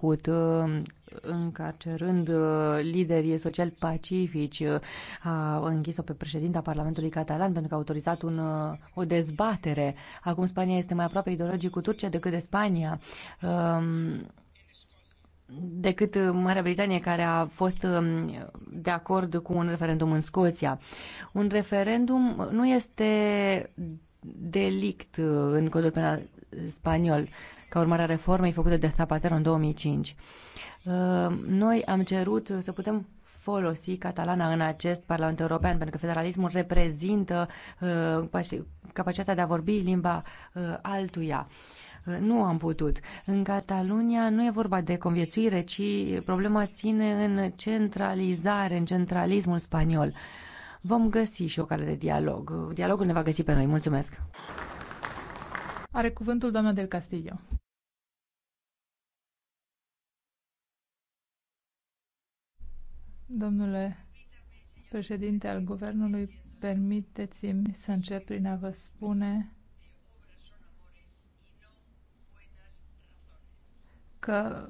trecut, uh, încarcerând uh, liderii social pacifici, uh, a închis-o pe președinta Parlamentului Catalan pentru că a autorizat un, o dezbatere. Acum Spania este mai aproape ideologic cu Turcia decât de Spania. Um, decât Marea Britanie, care a fost um, de acord cu un referendum în Scoția. Un referendum nu este delict în codul penal spaniol ca urmare a reformei făcute de Zapatero în 2005. Uh, noi am cerut să putem folosi catalana în acest Parlament European, pentru că federalismul reprezintă uh, capacitatea de a vorbi limba uh, altuia. Nu am putut. În Catalunia nu e vorba de conviețuire, ci problema ține în centralizare, în centralismul spaniol. Vom găsi și o cale de dialog. Dialogul ne va găsi pe noi. Mulțumesc! Are cuvântul doamna del Castillo. Domnule președinte al guvernului, permiteți-mi să încep prin a vă spune că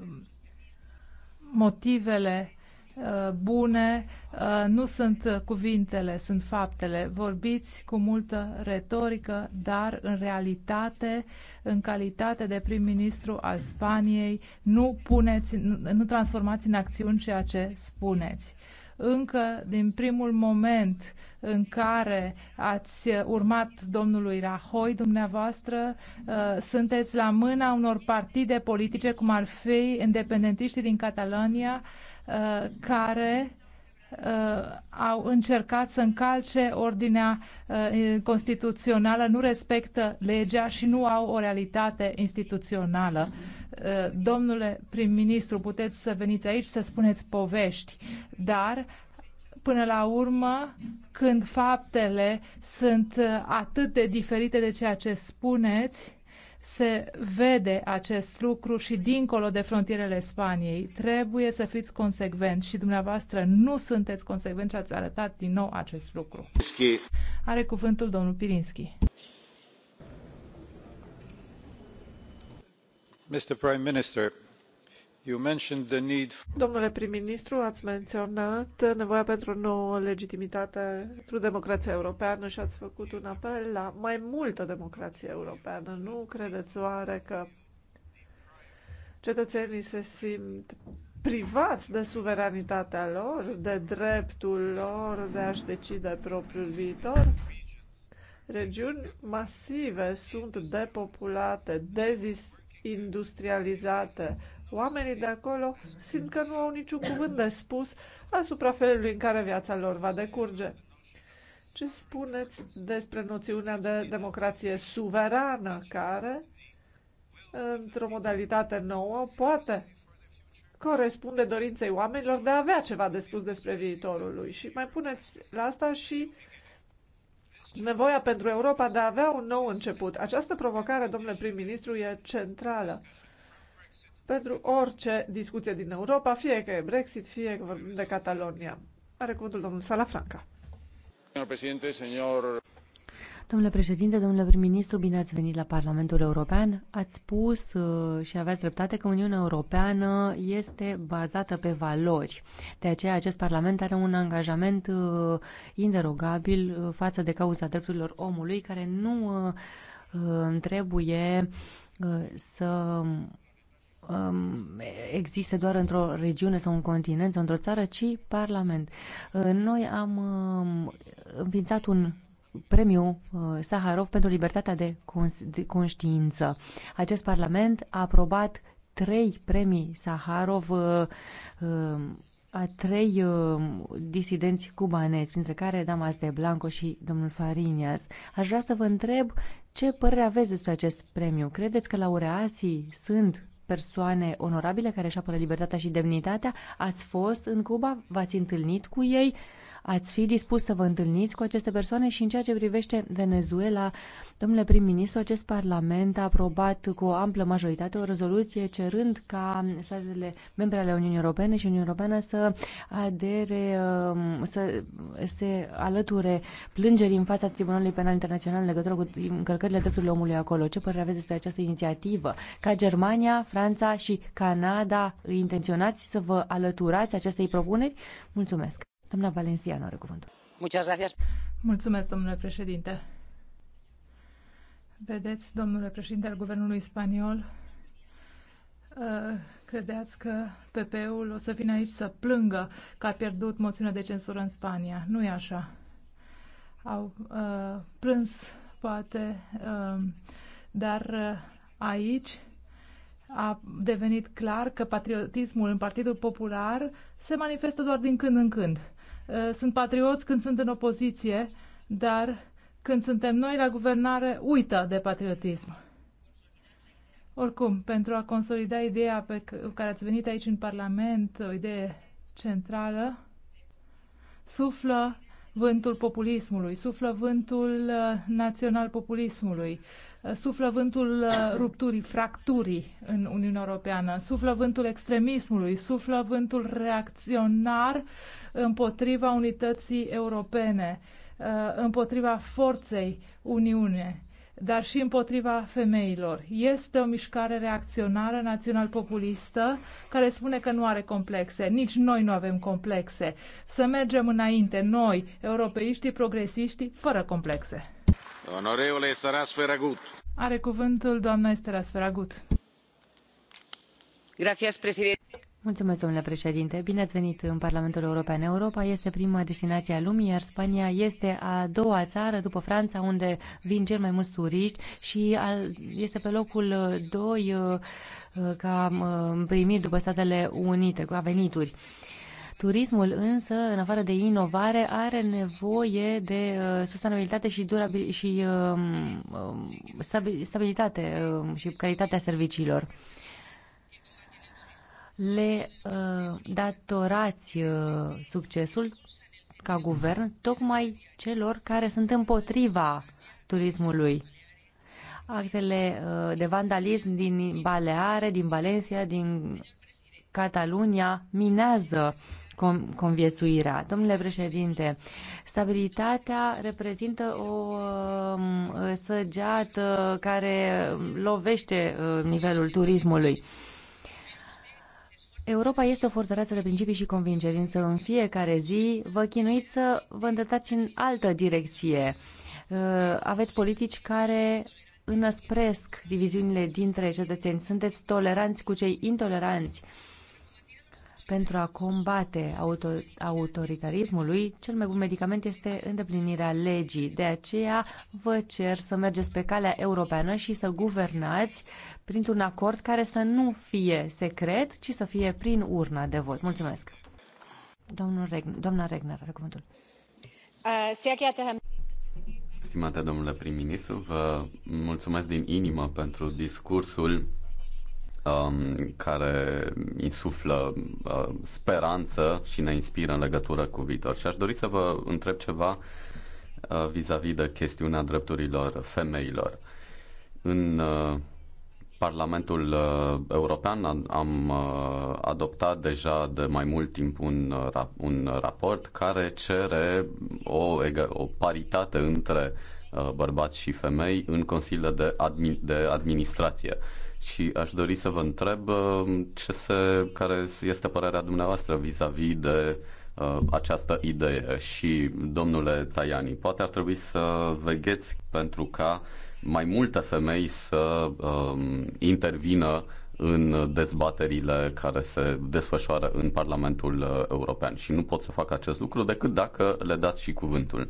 motivele Uh, bune uh, nu sunt cuvintele, sunt faptele. Vorbiți cu multă retorică, dar în realitate, în calitate de prim-ministru al Spaniei, nu, puneți, nu transformați în acțiuni ceea ce spuneți încă din primul moment în care ați urmat domnului Rahoi, dumneavoastră, uh, sunteți la mâna unor partide politice, cum ar fi independentiștii din Catalonia, Uh, care uh, au încercat să încalce ordinea uh, constituțională, nu respectă legea și nu au o realitate instituțională. Domnule prim-ministru, puteți să veniți aici să spuneți povești, dar până la urmă, când faptele sunt atât de diferite de ceea ce spuneți, se vede acest lucru și dincolo de frontierele Spaniei. Trebuie să fiți consecvenți și dumneavoastră nu sunteți consecvenți și ați arătat din nou acest lucru. Are cuvântul domnul Pirinski. Mr. Prime Minister, Domnule prim-ministru, ați menționat nevoia pentru o nouă legitimitate pentru democrația europeană și ați făcut un apel la mai multă democrație europeană. Nu credeți oare că cetățenii se simt privați de suveranitatea lor, de dreptul lor de a-și decide propriul viitor? Regiuni masive sunt depopulate, dezindustrializate, Oamenii de acolo simt că nu au niciun cuvânt de spus asupra felului în care viața lor va decurge. Ce spuneți despre noțiunea de democrație suverană care, într-o modalitate nouă, poate corespunde dorinței oamenilor de a avea ceva de spus despre viitorul lui. Și mai puneți la asta și nevoia pentru Europa de a avea un nou început. Această provocare, domnule prim-ministru, e centrală pentru orice discuție din Europa, fie că e Brexit, fie că vorbim de Catalonia. Are cuvântul domnul Salafranca. Domnule președinte, domnule prim-ministru, bine ați venit la Parlamentul European. Ați spus uh, și aveați dreptate că Uniunea Europeană este bazată pe valori. De aceea acest Parlament are un angajament uh, inderogabil uh, față de cauza drepturilor omului, care nu trebuie să um, existe doar într-o regiune sau un continent sau într-o țară, ci Parlament. Uh, noi am um, înființat un premiu uh, Saharov pentru libertatea de, cons- de conștiință. Acest Parlament a aprobat trei premii Saharov uh, uh, a trei uh, disidenți cubanezi, printre care Damas de Blanco și domnul Farinias. Aș vrea să vă întreb ce părere aveți despre acest premiu. Credeți că laureații sunt persoane onorabile care își apără libertatea și demnitatea. Ați fost în Cuba? V-ați întâlnit cu ei? ați fi dispus să vă întâlniți cu aceste persoane și în ceea ce privește Venezuela, domnule prim-ministru, acest parlament a aprobat cu o amplă majoritate o rezoluție cerând ca statele membre ale Uniunii Europene și Uniunea Europeană să adere, um, să se alăture plângerii în fața Tribunalului Penal Internațional în legătură cu încălcările drepturilor omului acolo. Ce părere aveți despre această inițiativă? Ca Germania, Franța și Canada intenționați să vă alăturați acestei propuneri? Mulțumesc! Doamna Valenciano are cuvântul. Mulțumesc, domnule președinte. Vedeți, domnule președinte al guvernului spaniol, uh, credeți că PP-ul o să vină aici să plângă că a pierdut moțiunea de censură în Spania. Nu e așa. Au uh, plâns, poate, uh, dar uh, aici a devenit clar că patriotismul în Partidul Popular se manifestă doar din când în când. Uh, Eh, sunt patrioți când sunt în opoziție, dar când suntem noi la guvernare, uită de patriotism. Oricum, pentru a consolida ideea pe care ați venit aici în Parlament, o idee centrală, suflă vântul populismului, suflă vântul eh, național-populismului, Uh, suflă vântul uh, rupturii, fracturii în Uniunea Europeană, suflă vântul extremismului, suflă vântul reacționar împotriva unității europene, uh, împotriva forței Uniune, dar și împotriva femeilor. Este o mișcare reacționară național-populistă care spune că nu are complexe. Nici noi nu avem complexe. Să mergem înainte, noi, europeiștii, progresiștii, fără complexe. Onorevole Saras Ferragut. Are cuvântul doamna Estera Sferagut. Gracias, președinte. Mulțumesc, domnule președinte. Bine ați venit în Parlamentul European. Europa este prima destinație a lumii, iar Spania este a doua țară după Franța, unde vin cel mai mulți turiști și este pe locul 2 uh, ca uh, primiri după Statele Unite, ca venituri. Turismul însă, în afară de inovare, are nevoie de uh, sustenabilitate și, durabil, și uh, stabilitate uh, și calitatea serviciilor. Le uh, datorați uh, succesul ca guvern tocmai celor care sunt împotriva turismului. Actele uh, de vandalism din Baleare, din Valencia, din Catalunia minează uh, conviețuirea. Domnule președinte, stabilitatea reprezintă o um, săgeată uh, care lovește uh, nivelul turismului. Europa este o fortăreață de principii și convingeri, însă în fiecare zi vă chinuiți să vă îndreptați în altă direcție. Uh, aveți politici care înăspresc diviziunile dintre cetățeni. Sunteți toleranți cu cei intoleranți. Pentru a combate auto- autoritarismului, cel mai bun medicament este îndeplinirea legii. De aceea vă cer să mergeți pe calea europeană și să guvernați printr-un acord care să nu fie secret, ci să fie prin urna de vot. Mulțumesc! Domnul Regn- doamna Regner, are cuvântul. Uh, Stimate domnule prim-ministru, vă mulțumesc din inimă pentru discursul um, care insuflă uh, speranță și ne inspiră în legătură cu viitor. Și aș dori să vă întreb ceva uh, vis-a-vis de chestiunea drepturilor femeilor. În uh, Parlamentul uh, European am uh, adoptat deja de mai mult timp un, uh, un raport care cere o, o paritate între uh, bărbați și femei în consiliile de, admi- de administrație. Uh, și aș dori să vă întreb uh, ce se, care este părerea dumneavoastră vis-a-vis -vis de uh, această idee și domnule Tajani, poate ar trebui să vegheți pentru ca mai multe femei să uh, intervină în dezbaterile care se desfășoară în Parlamentul uh, European și nu pot să fac acest lucru decât dacă le dați și cuvântul.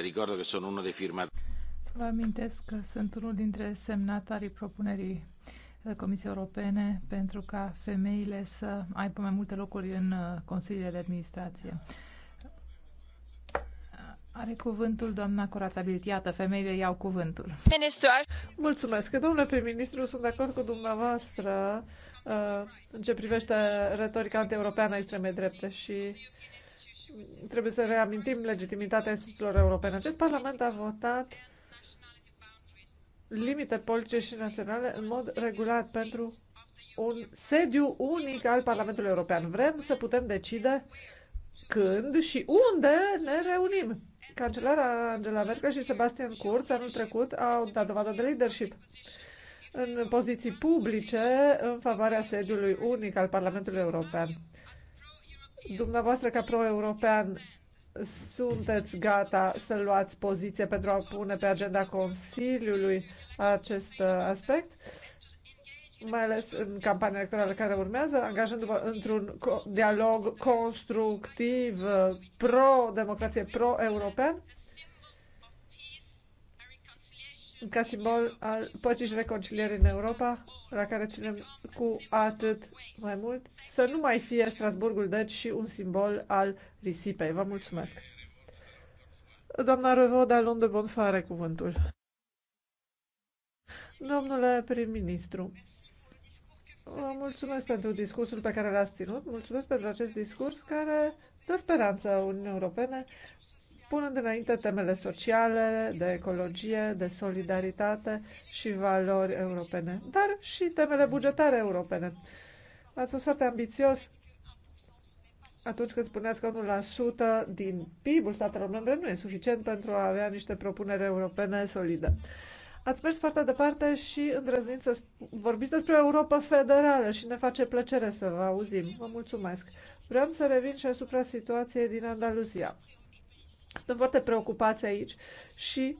Ricordo che sono uno dei Vă amintesc că sunt unul dintre semnatarii propunerii uh, Comisiei Europene pentru ca femeile să aibă mai multe locuri în uh, consiliile de administrație. Uh, are cuvântul doamna Corața Iată, Femeile iau cuvântul. Ministru. Mulțumesc. Domnule prim-ministru, sunt de acord cu dumneavoastră în ce privește retorica anti-europeană extremei drepte și uh, trebuie să reamintim legitimitatea instituțiilor europene. Acest Parlament a votat limite politice și naționale în mod regulat pentru un sediu unic al Parlamentului European. Vrem să putem decide când și unde ne reunim. Cancelara Angela Merkel și Sebastian Kurz anul trecut au dat dovadă de leadership în poziții publice în favoarea sediului unic al Parlamentului European. Dumneavoastră, ca pro-european, sunteți gata să luați poziție pentru a pune pe agenda Consiliului acest uh, aspect, mai ales în campania electorală care urmează, angajându-vă într-un dialog constructiv uh, pro-democrație, pro-european, ca simbol al păcii și reconcilierii în Europa, la care ținem cu atât mai mult, să nu mai fie Strasburgul, deci, și un simbol al risipei. Vă mulțumesc! Doamna Revoda de Bonfare, cuvântul. Domnule prim-ministru, vă mulțumesc pentru discursul pe care l-ați ținut, mulțumesc pentru acest discurs care de speranță Uniunii Europene, punând înainte temele sociale, de ecologie, de solidaritate și valori europene, dar și temele bugetare europene. Ați fost foarte ambițios atunci când spuneați că 1% din PIB-ul statelor membre nu e suficient pentru a avea niște propuneri europene solide. Ați mers foarte departe și îndrăzniți să vorbiți despre Europa federală și ne face plăcere să vă auzim. Vă mulțumesc. Vreau să revin și asupra situației din Andaluzia. Sunt foarte preocupați aici și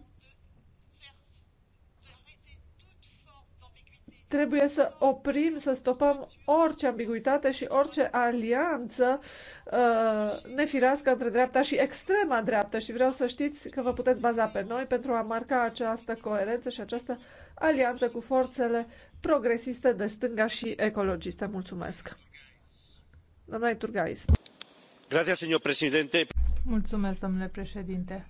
Trebuie să oprim, să stopăm orice ambiguitate și orice alianță uh, nefirească între dreapta și extrema dreaptă și vreau să știți că vă puteți baza pe noi pentru a marca această coerență și această alianță cu forțele progresiste de stânga și ecologiste. Mulțumesc! Domnule Turgais. Grazie, Mulțumesc, domnule președinte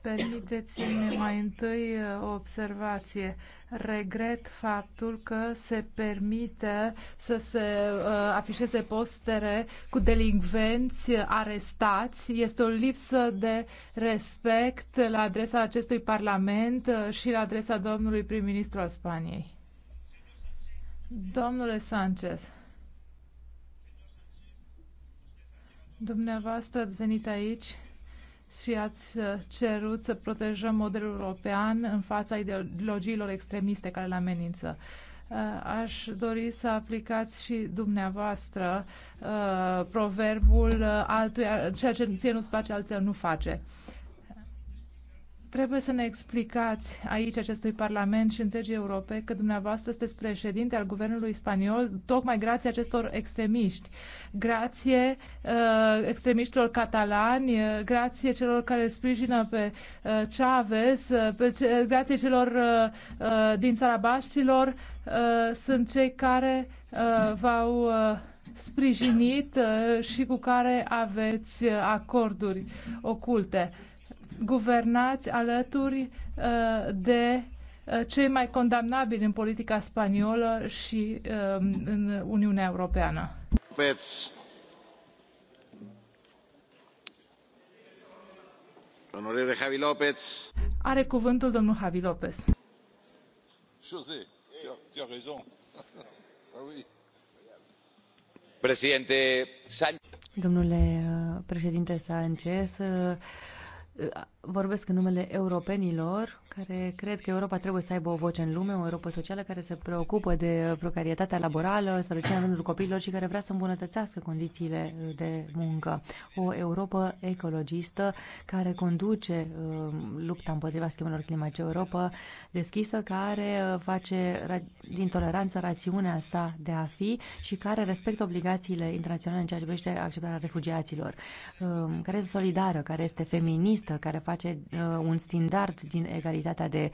Permiteți-mi mai întâi uh, o observație. Regret faptul că se permite să se uh, afișeze postere cu delinvenți arestați. Este o lipsă de respect la adresa acestui Parlament uh, și la adresa domnului prim-ministru al Spaniei. Domnule Sanchez. Dumneavoastră ați venit aici și ați uh, cerut să protejăm modelul european în fața ideologiilor extremiste care le amenință. Uh, aș dori să aplicați și dumneavoastră uh, proverbul uh, altuia, ceea ce ție nu-ți place, alții nu face. Trebuie să ne explicați aici acestui Parlament și întregii Europe că dumneavoastră sunteți președinte al guvernului spaniol tocmai grație acestor extremiști, grație uh, extremiștilor catalani, uh, grație celor care sprijină pe uh, Chavez, uh, pe ce, uh, grație celor uh, uh, din țara Baștilor, uh, sunt cei care uh, v-au uh, sprijinit uh, și cu care aveți uh, acorduri oculte. Uh, guvernați alături uh, de uh, cei mai condamnabili în politica spaniolă și um, în Uniunea Europeană. Peți. Onorele Javi Lopez. Are cuvântul domnul Javi Lopez. José, tu as raison. Ah, Presidente Domnule uh, președinte Sanchez, vorbesc în numele europenilor care cred că Europa trebuie să aibă o voce în lume, o Europa socială care se preocupă de precarietatea laborală, sărăcia în rândul copiilor și care vrea să îmbunătățească condițiile de muncă. O Europa ecologistă care conduce um, lupta împotriva schimbărilor climatice, o Europa deschisă care uh, face din toleranță rațiunea sa de a fi și care respectă obligațiile internaționale în ceea ce privește acceptarea refugiaților, um, care este solidară, care este feministă, care face uh, un standard din egalitate identitatea de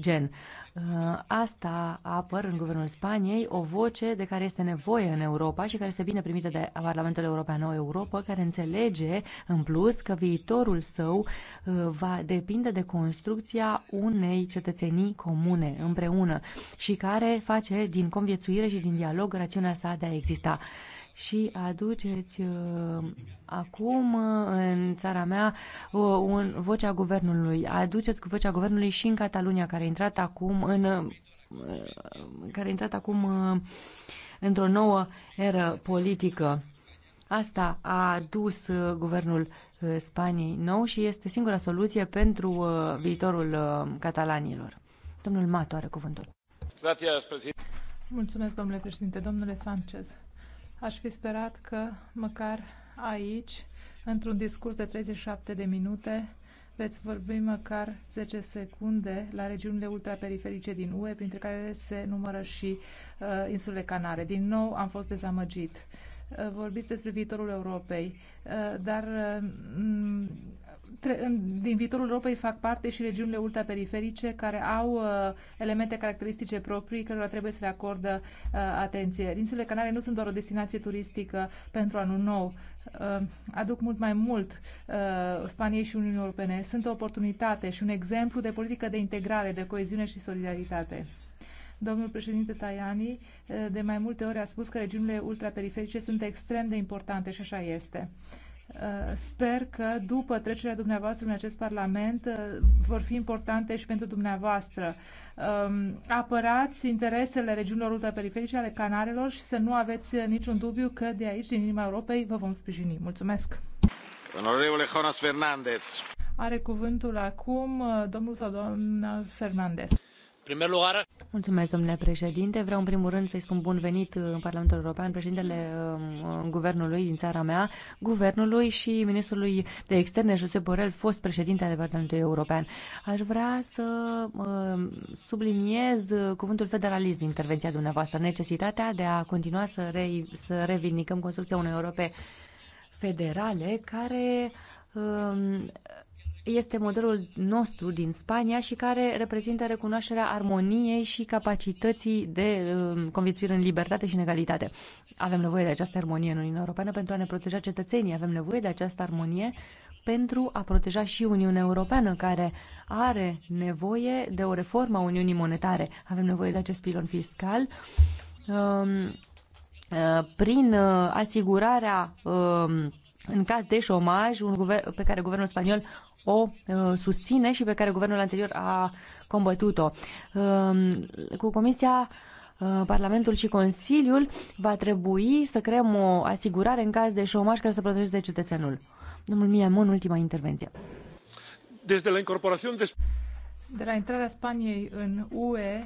gen. Uh, asta apăr în guvernul Spaniei o voce de care este nevoie în Europa și care este bine primită de Parlamentul European Nouă Europa, care înțelege în plus că viitorul său uh, va depinde de construcția unei cetățenii comune împreună și care face din conviețuire și din dialog rațiunea sa de a exista și aduceți uh, acum uh, în țara mea uh, un, vocea guvernului. Aduceți cu vocea guvernului și în Catalunia, care a intrat acum în care a intrat acum într-o nouă eră politică. Asta a adus guvernul Spaniei nou și este singura soluție pentru viitorul catalanilor. Domnul Mato are cuvântul. Mulțumesc, domnule președinte. Domnule Sanchez, Aș fi sperat că măcar aici, într-un discurs de 37 de minute, veți vorbi măcar 10 secunde la regiunile ultraperiferice din UE, printre care se numără și uh, insulele Canare. Din nou am fost dezamăgit. Uh, vorbiți despre viitorul Europei, uh, dar uh, din viitorul Europei fac parte și regiunile ultraperiferice care au uh, elemente caracteristice proprii cărora trebuie să le acordă uh, atenție. Insulele Canare nu sunt doar o destinație turistică pentru anul nou, uh, aduc mult mai mult uh, Spaniei și Uniunii Europene. Sunt o oportunitate și un exemplu de politică de integrare, de coeziune și solidaritate. Domnul președinte Tajani uh, de mai multe ori a spus că regiunile ultraperiferice sunt extrem de importante și așa este. Uh, Uh, sper că după trecerea dumneavoastră în acest Parlament uh, vor fi importante și pentru dumneavoastră. Um, apărați interesele regiunilor ultraperiferice ale Canarelor și să nu aveți uh, niciun dubiu că de aici, din inima Europei, vă vom sprijini. Mulțumesc! Onorevole Jonas Fernandez. Are cuvântul acum domnul sau doamna Fernandez. Mulțumesc, domnule președinte. Vreau în primul rând să-i spun bun venit în uh, Parlamentul European președintele uh, uh, guvernului din țara mea, guvernului și ministrului de externe, Josep Borel, fost președinte al Parlamentului European. Aș vrea să subliniez cuvântul federalism din intervenția dumneavoastră, necesitatea de a continua să, re- să revindicăm construcția unei Europe federale care este modelul nostru din Spania și care reprezintă recunoașterea armoniei și capacității de um, conviețuire în libertate și în egalitate. Avem nevoie de această armonie în Uniunea Europeană pentru a ne proteja cetățenii, avem nevoie de această armonie pentru a proteja și Uniunea Europeană, care are nevoie de o reformă a Uniunii Monetare. Avem nevoie de acest pilon fiscal um, uh, prin uh, asigurarea um, în caz de șomaj un guver- pe care guvernul spaniol o uh, susține și pe care guvernul anterior a combătut-o. Um, cu Comisia uh, Parlamentul și Consiliul va trebui să creăm o asigurare în caz de șomaș care să protejeze cetățenul. Domnul Miamon, ultima intervenție. Desde la de... de la intrarea Spaniei în UE,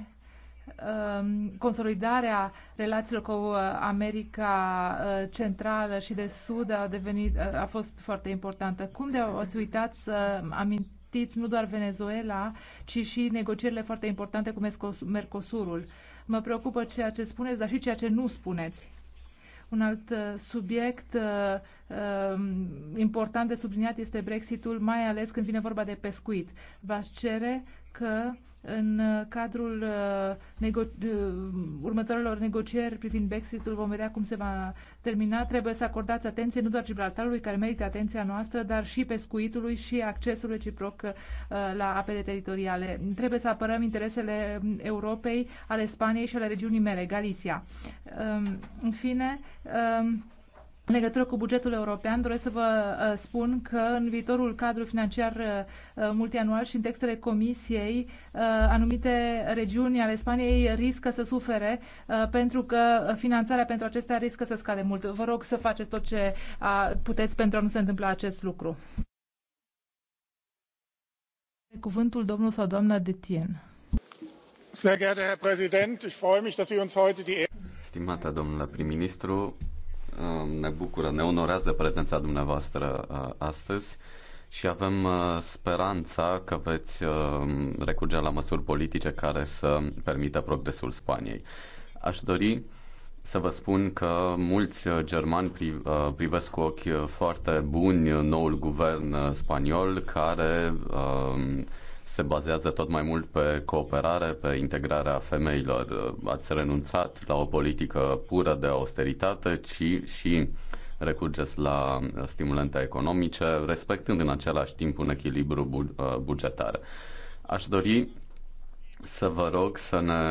Um, consolidarea relațiilor cu uh, America uh, Centrală și de Sud a, devenit, uh, a fost foarte importantă. Cum de ați uitat să amintiți nu doar Venezuela, ci și negocierile foarte importante cu Mercosurul? Mă preocupă ceea ce spuneți, dar și ceea ce nu spuneți. Un alt subiect uh, um, important de subliniat este Brexitul, mai ales când vine vorba de pescuit. V-aș cere că uh, în uh, cadrul uh, nego- uh, următorilor negocieri privind Brexitul vom vedea cum se va termina. Trebuie să acordați atenție nu doar Gibraltarului, care merită atenția noastră, dar și pescuitului și accesul reciproc la apele teritoriale. Trebuie să apărăm interesele um, Europei, ale Spaniei și ale regiunii mele, Galicia. Um, în fine, um, în legătură cu bugetul european, doresc să vă uh, spun că în viitorul cadru financiar uh, uh, multianual și în textele comisiei, anumite regiuni ale Spaniei riscă să sufere pentru că finanțarea pentru acestea riscă să scade mult. Vă rog să faceți tot ce puteți pentru a nu se întâmpla acest lucru. Cuvântul domnul sau doamna de Sehr geehrter Herr Präsident, ich freue mich, dass Sie uns heute die Stimata domnule prim-ministru, ne bucură, ne onorează prezența dumneavoastră uh, astăzi și avem uh, speranța că veți uh, recurge la măsuri politice care să permită progresul Spaniei. Aș dori să vă spun că mulți germani pri, privesc cu ochi foarte buni noul guvern spaniol care se bazează tot mai mult pe cooperare, pe integrarea femeilor. Ați renunțat la o politică pură de austeritate, ci și recurgeți la stimulente economice, respectând în același timp un echilibru uh, bugetar. Aș dori să vă rog să ne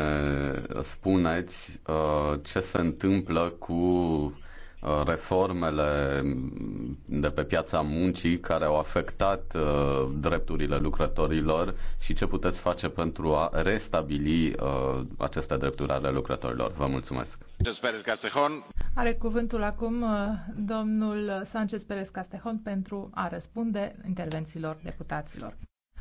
spuneți uh, ce se întâmplă cu Uh, reformele de pe piața muncii care au afectat uh, drepturile lucrătorilor și ce puteți face pentru a restabili uh, aceste drepturi ale lucrătorilor. Vă mulțumesc. Are cuvântul acum uh, domnul Sanchez Perez Castejon pentru a răspunde intervențiilor deputaților.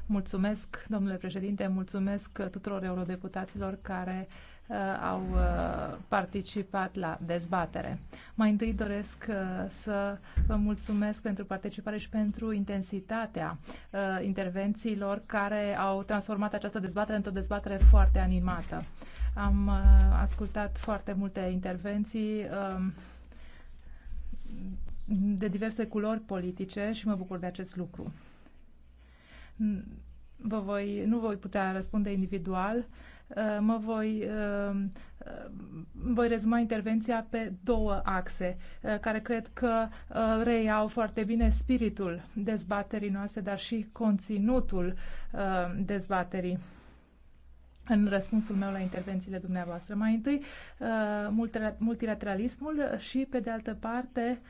Mulțumesc, domnule președinte, mulțumesc tuturor eurodeputaților care uh, Uh, au uh, participat la dezbatere. Mai întâi doresc uh, să vă mulțumesc pentru participare și pentru intensitatea intervențiilor care au transformat această dezbatere într-o dezbatere foarte animată. Am ascultat foarte multe intervenții um, de diverse culori politice și mă bucur de acest lucru. Vă voi, nu voi putea răspunde individual, Uh, mă voi, uh, uh, voi rezuma intervenția pe două axe, care cred că reiau foarte bine spiritul dezbaterii noastre, dar și conținutul dezbaterii în răspunsul meu la intervențiile dumneavoastră. Mai întâi, multilateralismul și, pe de altă parte,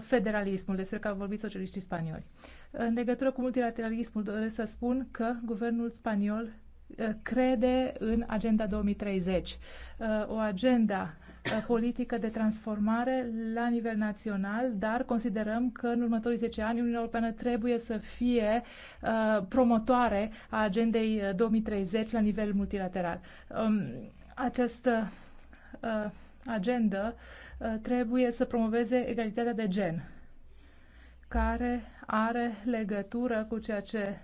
federalismul, despre care au vorbit socialiștii spanioli. În legătură cu multilateralismul, doresc să spun că guvernul spaniol Uh, crede în Agenda 2030, uh, o agenda uh, politică de transformare la nivel național, dar considerăm că în următorii 10 ani Uniunea Europeană trebuie să fie promotoare a agendei 2030 la nivel multilateral. Um, această agendă trebuie să promoveze egalitatea de gen, care are legătură cu ceea ce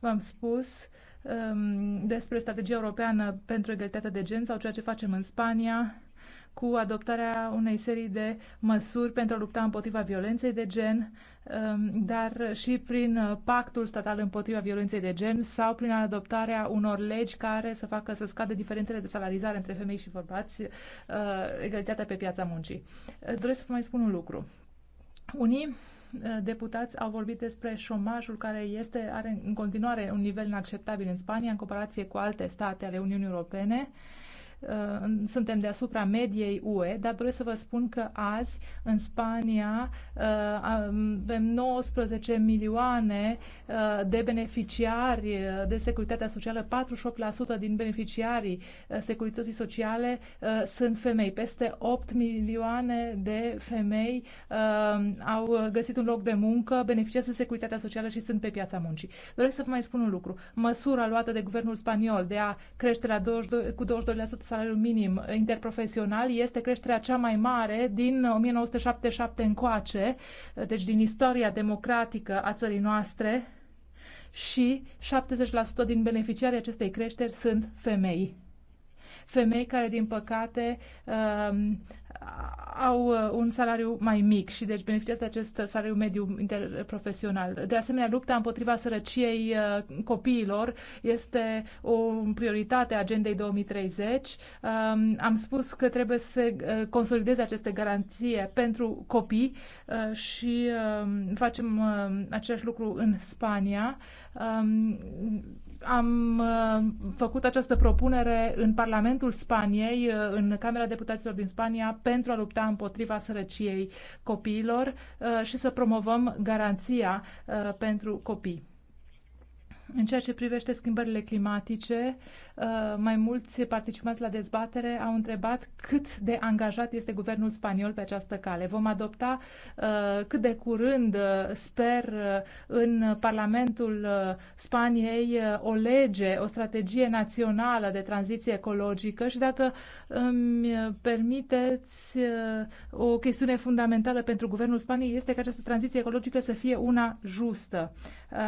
v-am spus uh, Um, despre strategia europeană pentru egalitatea de gen sau ceea ce facem în Spania cu adoptarea unei serii de măsuri pentru a lupta împotriva violenței de gen, um, dar și prin uh, pactul statal împotriva violenței de gen sau prin adoptarea unor legi care să facă să scadă diferențele de salarizare între femei și bărbați, uh, egalitatea pe piața muncii. Uh, doresc să vă mai spun un lucru. Unii Eh, deputați au vorbit despre șomajul care este, are în continuare un nivel inacceptabil în Spania în comparație cu alte state ale Uniunii Europene. Uh, Uh, suntem deasupra mediei UE, dar doresc să vă spun că azi în Spania uh, avem 19 milioane uh, de beneficiari de securitatea socială, 48% din beneficiarii securității sociale sunt femei. Peste 8 milioane de femei au găsit un loc de muncă, beneficiază de securitatea socială și sunt pe piața muncii. Doresc să vă mai spun un lucru. Măsura luată de guvernul spaniol de a crește la 22, cu 22% salariul minim interprofesional este creșterea cea mai mare din 1977 încoace, deci din istoria democratică a țării noastre și 70% din beneficiarii acestei creșteri sunt femei femei care, din păcate, um, au uh, un salariu mai mic și deci beneficiază de acest salariu mediu interprofesional. De asemenea, lupta împotriva sărăciei uh, copiilor este o prioritate a agendei 2030. Um, am spus că trebuie să uh, consolideze aceste garanție pentru copii și um, facem același lucru în Spania um, am uh, făcut această propunere în Parlamentul Spaniei, uh, în Camera Deputaților din Spania, pentru a lupta împotriva sărăciei copiilor uh, și să promovăm garanția pentru copii. În ceea ce privește schimbările climatice, uh, mai mulți participanți la dezbatere au întrebat cât de angajat este guvernul spaniol pe această cale. Vom adopta uh, cât de curând, uh, sper, în Parlamentul Spaniei o lege, o strategie națională de tranziție ecologică și dacă îmi permiteți, o chestiune fundamentală pentru guvernul Spaniei este că această tranziție ecologică să fie una justă,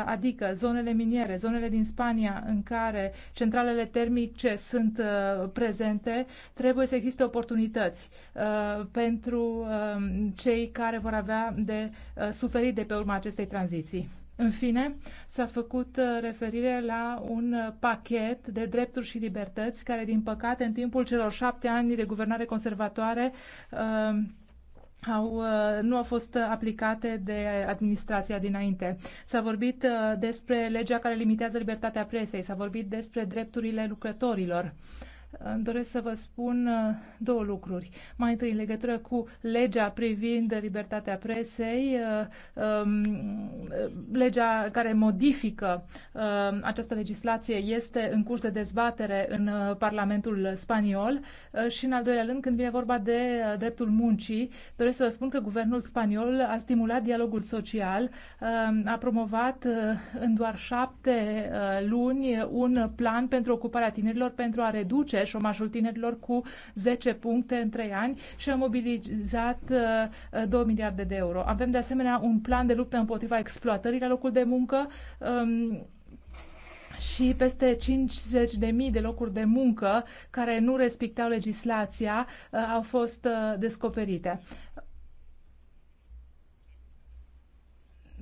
adică zonele miniere care, zonele din Spania în care centralele termice sunt uh, prezente, trebuie să existe oportunități uh, pentru uh, cei care vor avea de uh, suferit de pe urma acestei tranziții. În fine, s-a făcut uh, referire la un uh, pachet de drepturi și libertăți care, din păcate, în timpul celor șapte ani de guvernare conservatoare, uh, au, uh, nu au fost aplicate de administrația dinainte. S-a vorbit uh, despre legea care limitează libertatea presei, s-a vorbit despre drepturile lucrătorilor. Uh, îmi doresc să vă spun uh, două lucruri. Mai întâi, în legătură cu legea privind libertatea presei, uh, um, uh, legea care modifică această legislație este în curs de dezbatere în Parlamentul spaniol și, în al doilea rând, când vine vorba de dreptul muncii, doresc să vă spun că guvernul spaniol a stimulat dialogul social, a promovat în doar șapte luni un plan pentru ocuparea tinerilor pentru a reduce șomajul tinerilor cu 10 puncte în 3 ani și a mobilizat 2 uh, uh, miliarde de euro. Avem de asemenea un plan de luptă împotriva exploatării la locul de muncă um, și peste 50.000 de locuri de muncă care nu respectau legislația uh, au fost descoperite.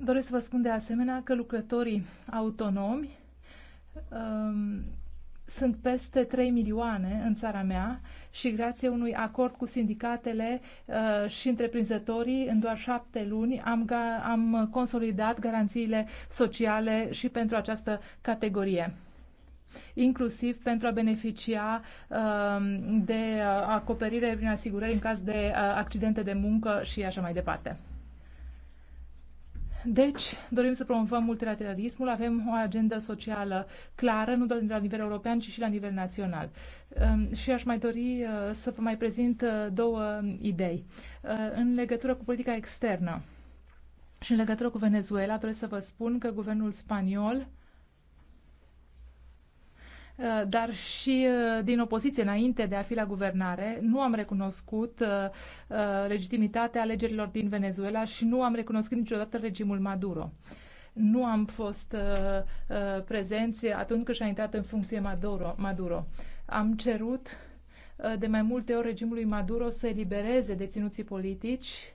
Doresc să vă spun de asemenea că lucrătorii autonomi um, sunt peste 3 milioane în țara mea și grație unui acord cu sindicatele uh, și întreprinzătorii, în doar șapte luni am, am consolidat garanțiile sociale și pentru această categorie inclusiv pentru a beneficia uh, de uh, acoperire prin asigurări în caz de uh, accidente de muncă și așa mai departe. Deci, dorim să promovăm multilateralismul, avem o agendă socială clară, nu doar la nivel european, ci și la nivel național. Ehm, și aș mai dori eh, să vă mai prezint eh, două idei. Eh, în legătură cu politica externă și în legătură cu Venezuela, trebuie să vă spun că guvernul spaniol Eh, dar și eh, din opoziție înainte de a fi la guvernare, nu am recunoscut eh, legitimitatea alegerilor din Venezuela și nu am recunoscut niciodată regimul Maduro. Nu am fost prezenți atunci când și-a intrat în funcție Maduro. Maduro. Am cerut de mai multe ori regimului Maduro să elibereze deținuții politici.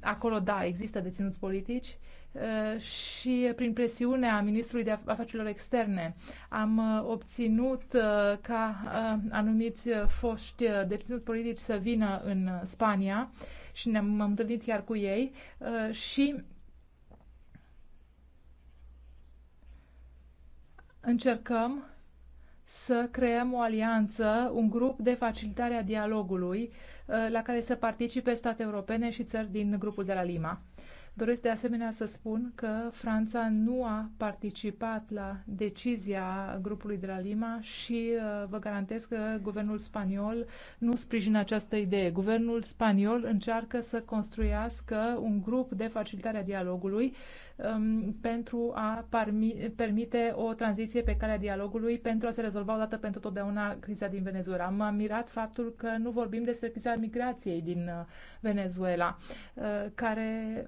Acolo, da, există deținuți politici Uh, și prin presiunea Ministrului de Afacerilor Externe am uh, obținut uh, ca anumiți foști deținuți politici să vină în Spania și ne-am întâlnit chiar cu ei și încercăm să creăm o alianță, un grup de facilitare a dialogului la care să participe state europene și țări din grupul de la Lima. Doresc de asemenea să spun că Franța nu a participat la decizia grupului de la Lima și uh, vă garantez că guvernul spaniol nu sprijină această idee. Guvernul spaniol încearcă să construiască un grup de facilitare a dialogului um, pentru a permite o tranziție pe calea dialogului pentru a se rezolva odată pentru totdeauna criza din Venezuela. Am admirat mirat faptul că nu vorbim despre criza migrației din uh, Venezuela, uh, care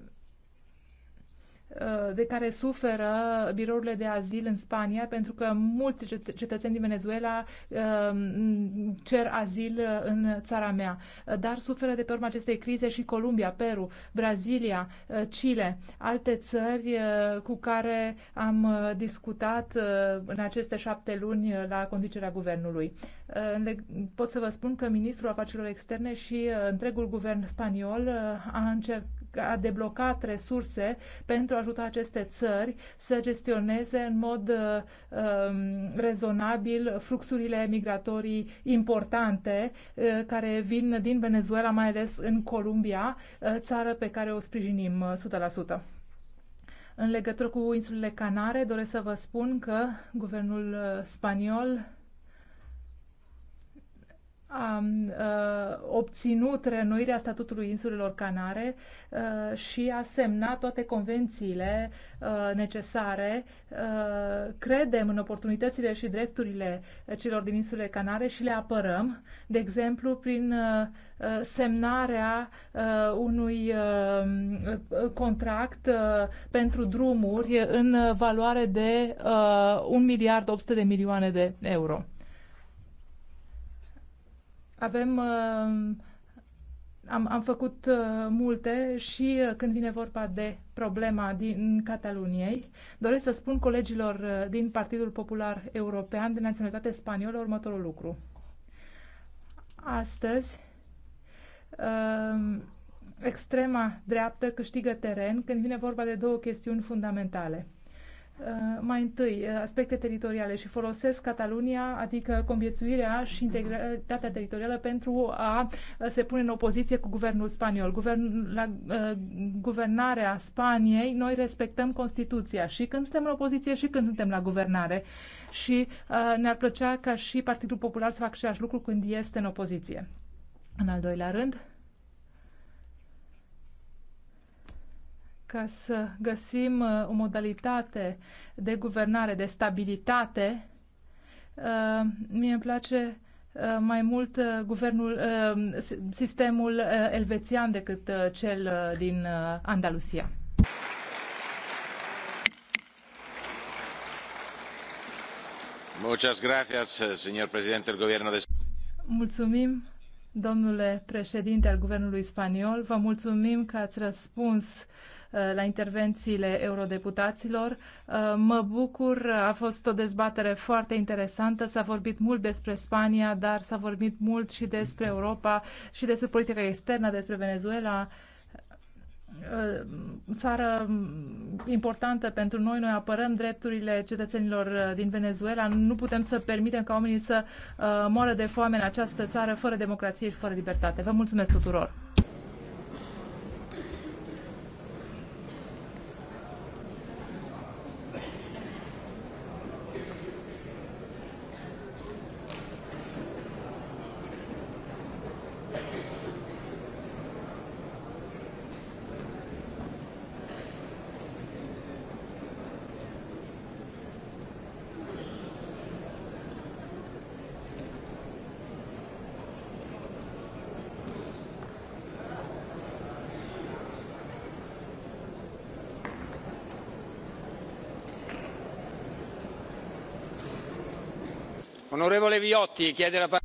Uh, de care suferă birourile de azil în Spania, pentru că mulți cetățeni din Venezuela uh, cer azil uh, în țara mea, dar suferă de pe urma acestei crize și Columbia, Peru, Brazilia, Chile, alte țări cu care am discutat în aceste șapte luni la conducerea guvernului. Pot să vă spun că ministrul afacerilor externe și întregul guvern spaniol a încercat a deblocat resurse pentru a ajuta aceste țări să gestioneze în mod uh, um, rezonabil fluxurile migratorii importante uh, care vin din Venezuela, mai ales în Columbia, uh, țară pe care o sprijinim uh, 100%. În legătură cu insulele Canare, doresc să vă spun că guvernul uh, spaniol a uh, obținut renuirea statutului insulelor Canare uh, și a semnat toate convențiile uh, necesare. Credem în oportunitățile și drepturile celor din insulele Canare și le apărăm, de exemplu, prin semnarea unui contract pentru drumuri în valoare de 1 miliard 800 de milioane de euro. Avem, uh, am, am făcut uh, multe și uh, când vine vorba de problema din Cataluniei, doresc să spun colegilor din Partidul Popular European de naționalitate spaniolă următorul lucru. Astăzi, um, extrema dreaptă câștigă teren când vine vorba de două chestiuni fundamentale – Uh, mai întâi uh, aspecte teritoriale și folosesc Catalunia, adică conviețuirea și integritatea teritorială pentru a se pune în opoziție cu guvernul spaniol. Guvern, la uh, guvernarea Spaniei noi respectăm Constituția și când suntem în opoziție și când suntem la guvernare și uh, ne-ar plăcea ca și Partidul Popular să facă același lucru când este în opoziție. În al doilea rând, ca să găsim uh, o modalitate de guvernare, de stabilitate. Uh, mie îmi place uh, mai mult guvernul, sistemul elvețian decât cel din Andalusia. Muchas gracias, eh, señor presidente del gobierno de Mulțumim, domnule președinte al guvernului spaniol. Vă mulțumim că ați răspuns Eh, la intervențiile eurodeputaților. Eh, mă bucur, a fost o dezbatere foarte interesantă, s-a vorbit mult despre Spania, dar s-a vorbit mult și despre Europa și despre politica externă, despre Venezuela eh, țară importantă pentru noi. Noi apărăm drepturile cetățenilor din Venezuela. Nu putem să permitem ca oamenii să moară de foame în această țară fără democrație și fără libertate. Vă mulțumesc tuturor! Onorevole Viotti, chiede la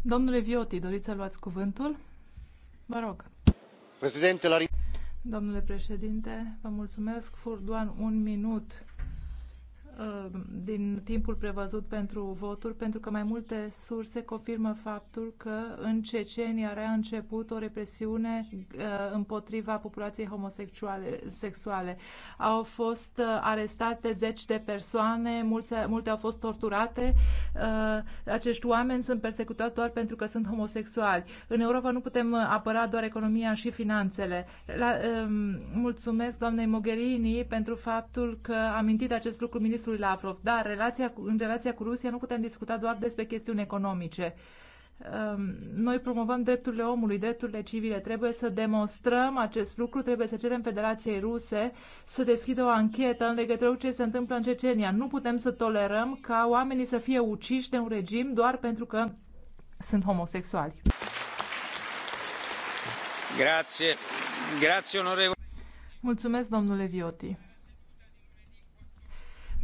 Domnule Viotti, doriți să luați cuvântul? Vă rog. Președinte, la... Domnule președinte, vă mulțumesc. Furduan, un minut. Uh, din timpul prevăzut pentru voturi, pentru că mai multe surse confirmă faptul că în Cecenia are început o represiune uh, împotriva populației homosexuale. Sexuale. Au fost uh, arestate zeci de persoane, multe, multe au fost torturate. Acești oameni sunt persecutați doar pentru că sunt homosexuali. În Europa nu putem apăra doar economia și finanțele. La, um, mulțumesc doamnei Mogherini pentru faptul că a mintit acest lucru ministrul accesul la APROF. Da, relația cu, în relația cu Rusia nu putem discuta doar despre chestiuni economice. Um, noi promovăm drepturile omului, drepturile civile. Trebuie să demonstrăm acest lucru, trebuie să cerem Federației Ruse să deschidă o anchetă în legătură cu ce se întâmplă în Cecenia. Nu putem să tolerăm ca oamenii să fie uciși de un regim doar pentru că sunt homosexuali. Grazie. Grazie, Mulțumesc, domnule Vioti.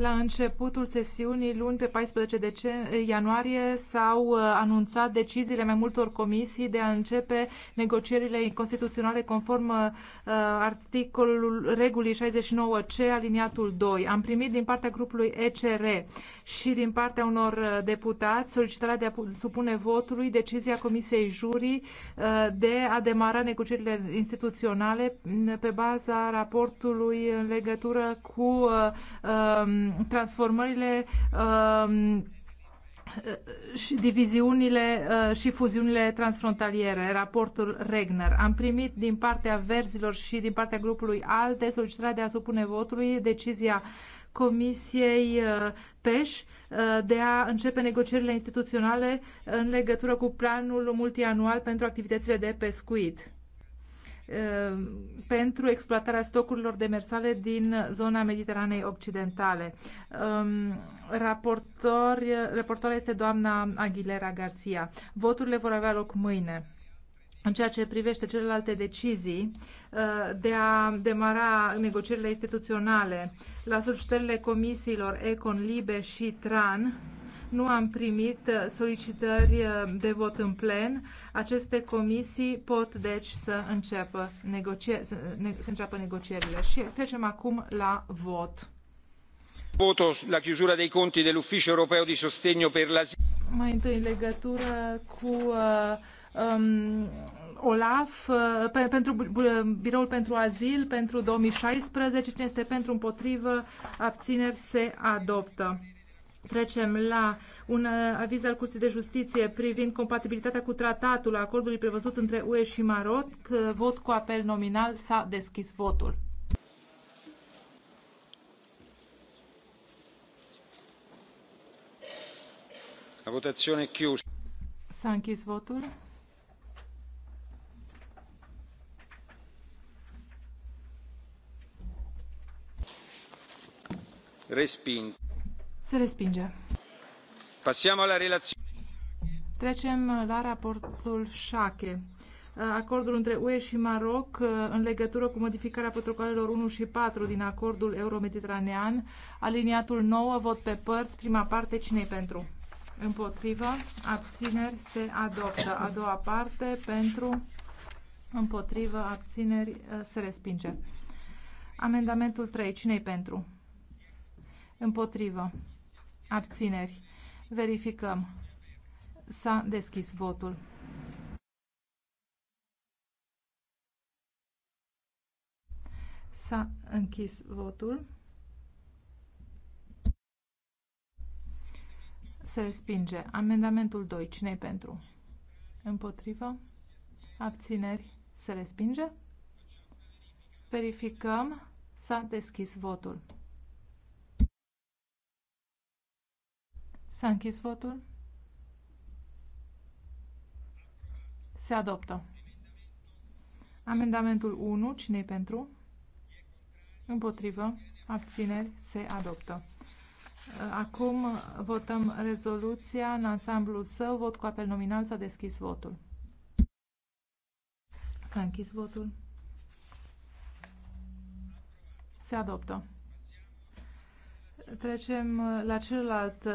La începutul sesiunii luni, pe 14 ianuarie, s-au uh, anunțat deciziile mai multor comisii de a începe negocierile constituționale conform uh, articolul regulii 69C, aliniatul 2. Am primit din partea grupului ECR și din partea unor uh, deputați solicitarea de a supune votului decizia Comisiei Jurii uh, de a demara negocierile instituționale mm, pe baza raportului în legătură cu uh, um, transformările um, și diviziunile și fuziunile transfrontaliere, raportul Regner. Am primit din partea verzilor și din partea grupului ALDE solicitarea de a supune votului decizia uh, Comisiei uh, PEș uh, de a începe negocierile instituționale în legătură cu planul multianual pentru activitățile de pescuit uh, pentru exploatarea stocurilor demersale din zona Mediteranei Occidentale. Um, raportor, raportoarea este doamna Aguilera Garcia. Voturile vor avea loc mâine în ceea ce privește celelalte decizii uh, de a demara negocierile instituționale. La solicitările comisiilor Econ, Libe și Tran nu am primit uh, solicitări uh, de vot în plen. Aceste comisii pot deci să înceapă, negocie- să, ne- să înceapă negocierile. Și trecem acum la vot. Voto la chiusura dei conti dell'Ufficio europeo di sostegno per l'asilo. Mai întâi în legătură cu uh, um, OLAF, uh, pe, pentru Biroul pentru Azil, pentru 2016. Cine este pentru, împotrivă, abțineri, se adoptă. Trecem la un uh, aviz al Curții de Justiție privind compatibilitatea cu tratatul acordului prevăzut între UE și Maroc. Uh, vot cu apel nominal s-a deschis votul. La votazione chiusa. S-a închis votul. Se respinge. Passiamo alla relazione. Trecem uh, la raportul Șache. Uh, acordul între UE și Maroc uh, în legătură cu modificarea protocolelor 1 și 4 din acordul euromediteranean, aliniatul 9, vot pe părți, prima parte, cine pentru? Împotrivă, abțineri, se adoptă. A doua parte, pentru, împotrivă, abțineri, se respinge. Amendamentul 3, cine pentru? Împotrivă. Abțineri. Verificăm. S-a deschis votul. S-a închis votul. Se respinge. Amendamentul 2. cine pentru? Împotrivă? Abțineri? Se respinge? Verificăm. S-a deschis votul. S-a închis votul. Se adoptă. Amendamentul 1. Cine-i pentru? Împotrivă. Abțineri. Se adoptă. Acum votăm rezoluția în ansamblul său. Vot cu apel nominal. S-a deschis votul. S-a închis votul. Se adoptă. Trecem uh, la celălalt uh,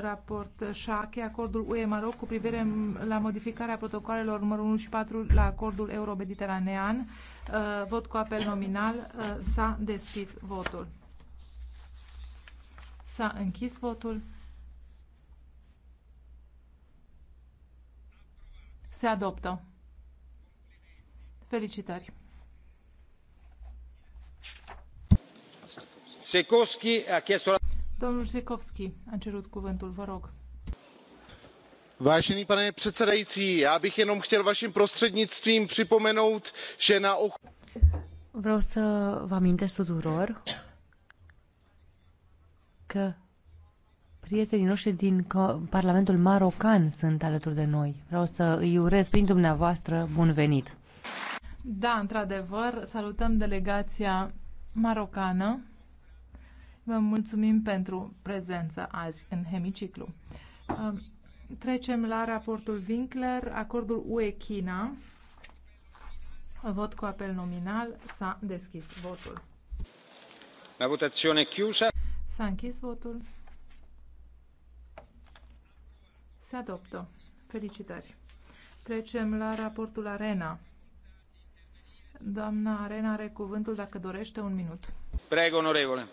raport, uh, șache, acordul UE-Maroc cu privire la modificarea protocolelor numărul 1 și 4 la acordul euro-mediteranean. Vot cu apel nominal. S-a deschis votul. S-a închis votul. Se adoptă. Felicitări! Sekovski a chiesto... Domnul Sekovski a cerut vă rog. Vážený pane předsedající, já bych jenom chtěl vaším prostřednictvím připomenout, že na... Vreau să vă amintesc tuturor că prietenii noștri din Parlamentul Marocan sunt alături de noi. Vreau să îi urez prin dumneavoastră bun venit. Da, într-adevăr, salutăm delegația marocană Vă mulțumim pentru prezența azi în hemiciclu. Um, trecem la raportul Winkler, acordul UE-China. Vot cu apel nominal. S-a deschis votul. La votazione chiusa. S-a închis votul. Se adoptă. Felicitări. Trecem la raportul Arena. Doamna Arena are cuvântul dacă dorește un minut. Prego, onorevole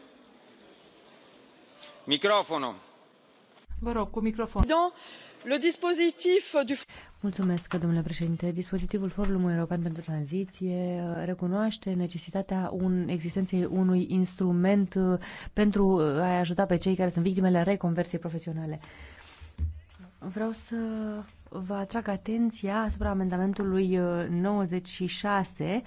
domnule președinte. Dispozitivul Forumului European pentru Tranziție uh, recunoaște necesitatea existenței unui instrument uh, pentru uh, a ajuta pe cei care sunt victimele reconversiei profesionale. Vreau să vă atrag atenția asupra amendamentului 96 uh,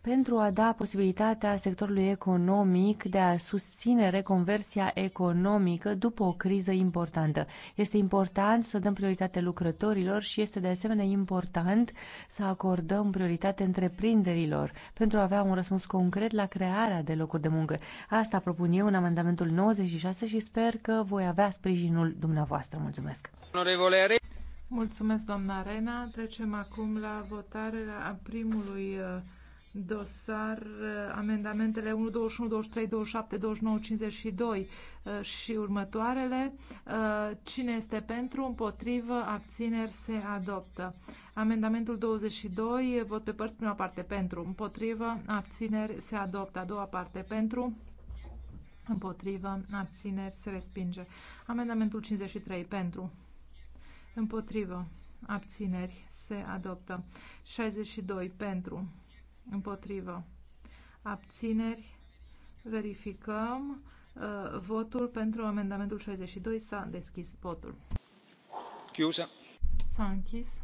pentru a da posibilitatea sectorului economic de a susține reconversia economică după o criză importantă. Este important să dăm prioritate lucrătorilor și este de asemenea important să acordăm prioritate întreprinderilor pentru a avea un răspuns concret la crearea de locuri de muncă. Asta propun eu în amendamentul 96 și sper că voi avea sprijinul dumneavoastră. Mulțumesc! Mulțumesc, doamna Rena. Trecem acum la votarea primului uh, dosar, uh, amendamentele 1, 21, 23, 27, 29, 52 și următoarele. Uh, cine este pentru, împotrivă, abțineri, se adoptă. Amendamentul 22, vot pe părți, prima parte pentru, împotrivă, abțineri, se adoptă. A doua parte pentru, împotrivă, abțineri, se respinge. Amendamentul 53 pentru Împotrivă. Abțineri. Se adoptă. 62. Pentru. Împotrivă. Abțineri. Verificăm. Uh, votul pentru amendamentul 62 s-a deschis votul. Chiusa. S-a închis.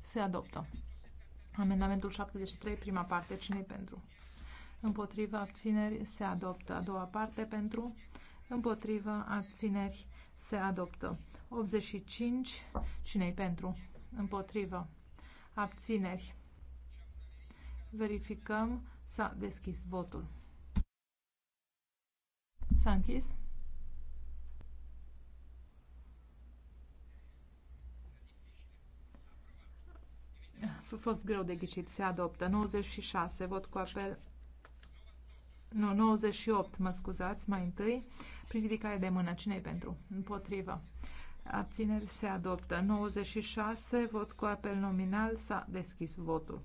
Se adoptă. Amendamentul 73, prima parte. cine pentru? Împotriva abțineri se adoptă. A doua parte pentru? Împotriva abțineri se adoptă. 85. Cine-i pentru? Împotrivă. Abțineri. Verificăm. S-a deschis votul. S-a închis. A fost greu de ghicit. Se adoptă. 96. Vot cu apel. Nu, 98. Mă scuzați. Mai întâi prin ridicare de mână. Cine-i pentru? Împotrivă. Abțineri se adoptă. 96, vot cu apel nominal. S-a deschis votul.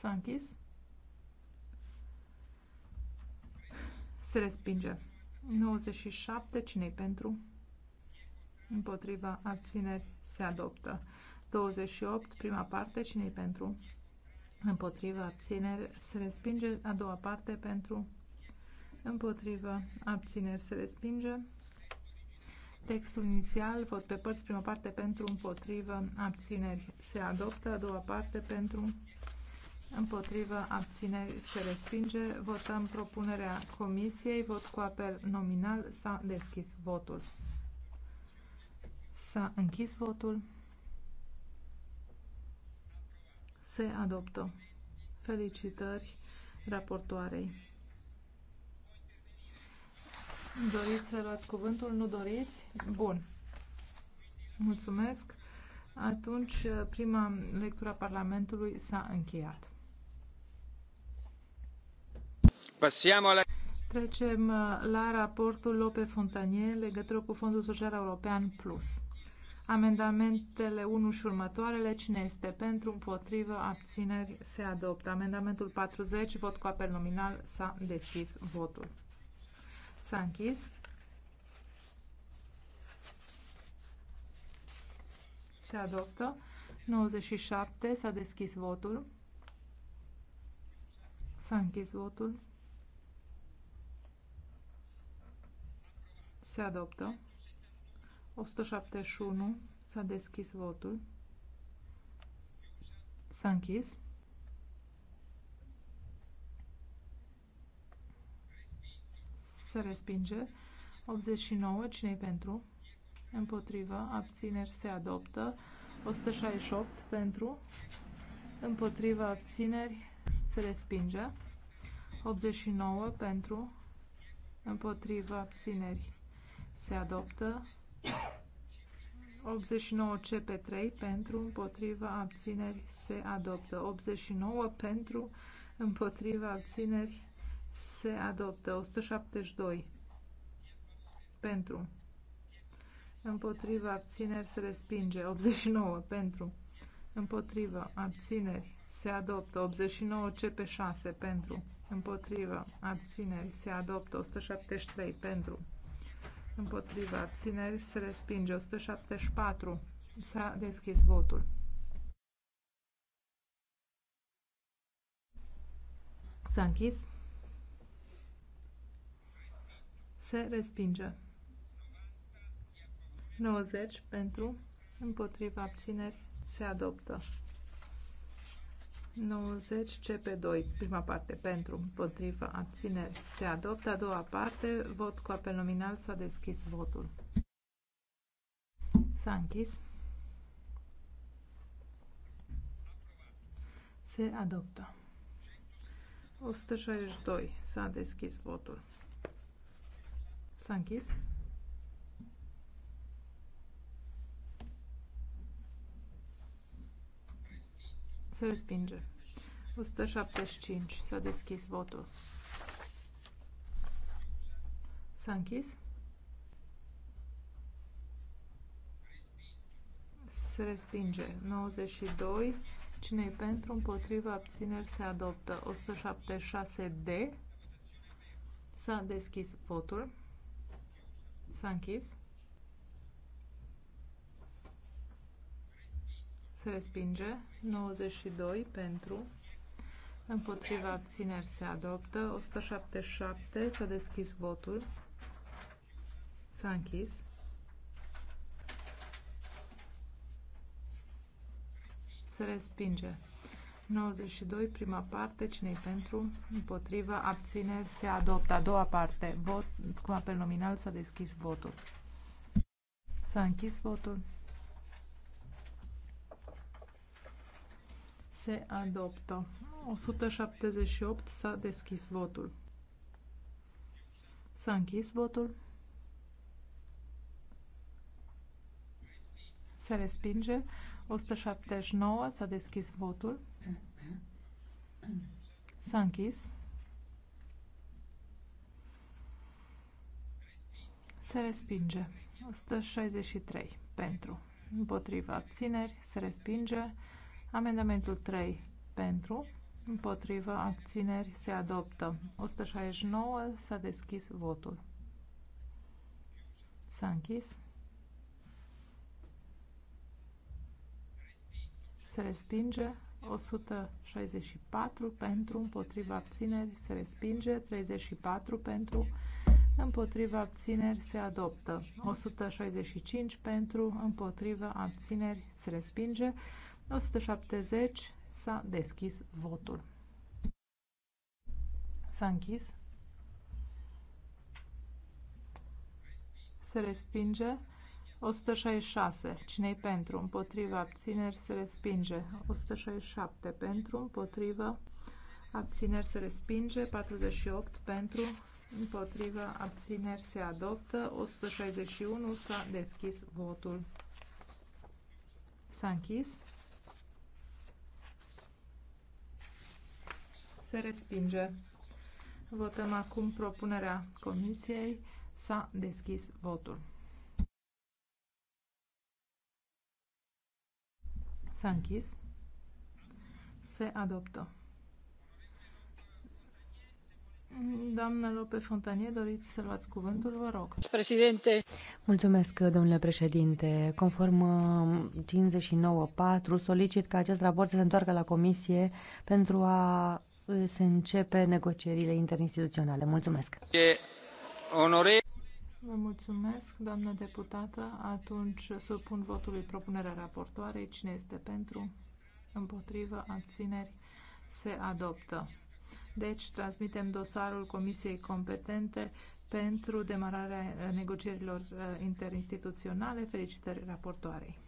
S-a închis. Se respinge. 97, cine-i pentru? Împotriva abțineri se adoptă. 28, prima parte, cine-i pentru? Împotriva abțineri se respinge. A doua parte pentru împotrivă, abțineri se respinge. Textul inițial, vot pe părți, prima parte pentru, împotrivă, abțineri se adoptă, a doua parte pentru, împotrivă, abțineri se respinge. Votăm propunerea comisiei, vot cu apel nominal, s-a deschis votul. S-a închis votul. Se adoptă. Felicitări raportoarei. Doriți să luați cuvântul? Nu doriți? Bun. Mulțumesc. Atunci, prima lectură a Parlamentului s-a încheiat. Trecem uh, la raportul Lope Fontanier, legătură cu Fondul Social European Plus. Amendamentele 1 și următoarele, cine este pentru, împotrivă, abțineri, se adoptă. Amendamentul 40, vot cu apel nominal, s-a deschis votul. S-a închis. Se adoptă. 97. S-a deschis votul. S-a închis votul. Se adoptă. 171. S-a deschis votul. S-a închis. se respinge. 89. cine pentru? Împotrivă. Abțineri se adoptă. 168 pentru. Împotrivă. Abțineri se respinge. 89 pentru. Împotrivă. Abțineri se adoptă. 89 CP3 pentru, împotriva, abțineri se adoptă. 89 pentru, împotriva, abțineri se adoptă. 172 pentru. Împotriva abțineri se respinge. 89 pentru. Împotriva abțineri se adoptă. 89 CP6 pentru. Împotriva abțineri se adoptă. 173 pentru. Împotriva abțineri se respinge. 174 s-a deschis votul. S-a închis. se respinge. 90 pentru, împotriva abțineri, se adoptă. 90 CP2, prima parte, pentru, împotriva abțineri, se adoptă. A doua parte, vot cu apel nominal, s-a deschis votul. S-a închis. Se adoptă. 162. S-a deschis votul. S-a închis. Se respinge. 175. S-a deschis votul. S-a închis. Se respinge. 92. Cine e pentru, împotriva, abțineri, se adoptă. 176D. S-a deschis votul. S-a închis. Se respinge. 92 pentru. Împotriva abțineri se adoptă. 177. S-a deschis votul. S-a închis. Se respinge. 92, prima parte, cine pentru, împotrivă, abține, se adoptă. A doua parte, vot cu apel nominal, s-a deschis votul. S-a închis votul. Se adoptă. 178, s-a deschis votul. S-a închis votul. Se respinge. 179. S-a deschis votul. S-a închis. Se respinge. 163. Pentru. Împotriva abțineri. Se respinge. Amendamentul 3. Pentru. Împotriva abțineri. Se adoptă. 169. S-a deschis votul. S-a închis. se respinge 164 pentru împotriva abțineri se respinge 34 pentru împotriva abțineri se adoptă 165 pentru împotriva abțineri se respinge 170 s-a deschis votul s-a închis se respinge 166. cine pentru? Împotriva. Abțineri se respinge. 167. Pentru. Împotriva. Abțineri se respinge. 48. Pentru. Împotriva. Abțineri se adoptă. 161. S-a deschis votul. S-a închis. Se respinge. Votăm acum propunerea comisiei. S-a deschis votul. S-a închis. Se adoptă. Doamna Lope Fontanie, doriți să luați cuvântul, vă rog. Președinte. Mulțumesc, domnule președinte. Conform 59.4, uh, solicit ca acest raport să se întoarcă la comisie pentru a uh, se începe negocierile interinstituționale. Mulțumesc. E onore... Vă mulțumesc, doamnă deputată. Atunci supun votului propunerea raportoarei. Cine este pentru? Împotrivă? Abțineri? Se adoptă. Deci, transmitem dosarul Comisiei competente pentru demararea negocierilor eh, interinstituționale. Felicitări raportoarei.